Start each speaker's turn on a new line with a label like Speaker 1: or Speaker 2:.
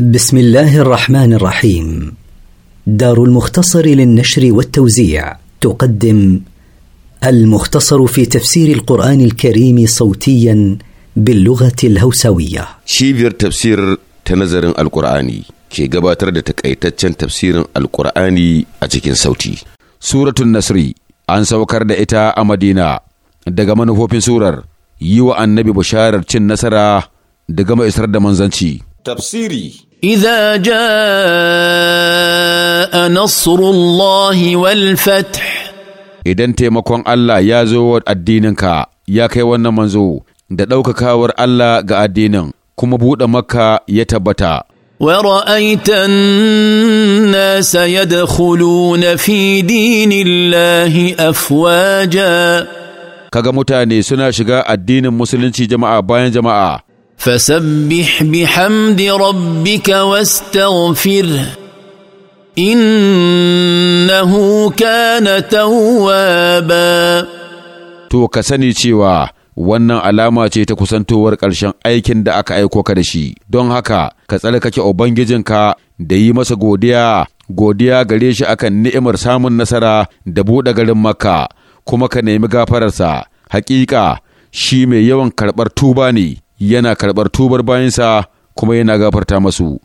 Speaker 1: بسم الله الرحمن الرحيم دار المختصر للنشر والتوزيع تقدم المختصر في تفسير القرآن الكريم صوتيا باللغة الهوسوية
Speaker 2: شيفير تفسير تنظر القرآني كي قباتر تكأيتتشن تفسير القرآني أتكين صوتي سورة النصر أن سوكر دائتا أمدينة دقمان هو سورة يوى النبي بشارة تشن نصر دقم إسرد منزنشي tafsiri iza jaa nasrullahi wal fath idan taimakon Allah ya zo wa addininka ya kai wannan manzo da ɗaukakawar Allah ga addinin kuma buɗe maka ya tabbata.
Speaker 3: ra'aita nasa يدخلون fi dinillahi الله kaga mutane suna shiga addinin musulunci jama'a bayan jama'a فسبح بحمد ربك واستغفره innahu
Speaker 2: كان توابا to ka sani cewa wannan alama ce ta kusantowar ƙarshen aikin da aka aiko ka da shi don haka ka tsarkake ubangijinka da yi masa godiya godiya gare shi akan ni'imar samun nasara da buɗe garin makka kuma ka nemi gafararsa haƙiƙa shi mai yawan karɓar tuba ne yana karɓar tubar bayansa kuma yana gafarta masu.